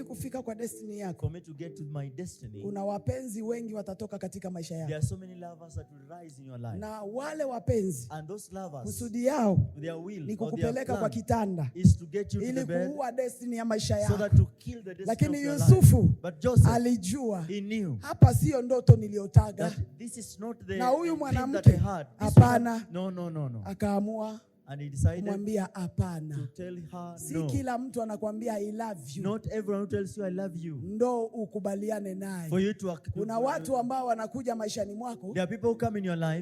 ili kufika kwa destiny yako. to get to my destiny, kuna wapenzi wengi watatoka katika maisha yako. so Na wale wapenzi kusudi yao ni kukupeleka kwa kitanda ili kuua destiny ya maisha yako. So that to kill the lakini Yusufu alijua hapa sio ndoto niliyotaga, na huyu mwanamke hapana, akaamua kumwambia hapana. Si no. Kila mtu anakwambia I love you. Not everyone tells you I love you. Ndo ukubaliane naye. Kuna uh, watu ambao wanakuja maishani mwako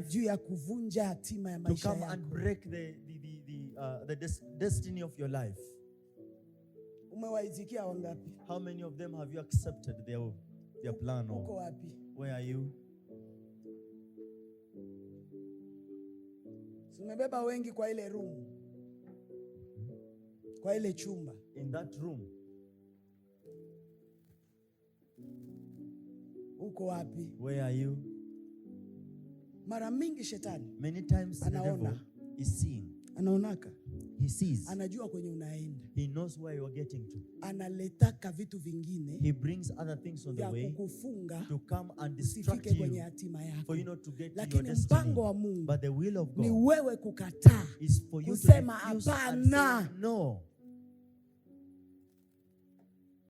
juu ya kuvunja hatima ya maisha yako. Uh, the des destiny of your life. wangapi? How many of them have you accepted their, their plan? Uko wapi? Where are you? zimebeba wengi kwa ile room, kwa ile chumba, in that room. Uko wapi? Where are you? Mara mingi shetani, many times, anaona is seeing anaonaka He sees. Anajua kwenye unaenda. He knows where you are getting to. Analetaka vitu vingine. He brings other things on the way. Kukufunga to come and distract you. Kwenye hatima yako. For you not to get Lakini to your destiny. Mpango wa Mungu. But the will of God. Ni wewe kukataa. Is for you Kusema to refuse and say no.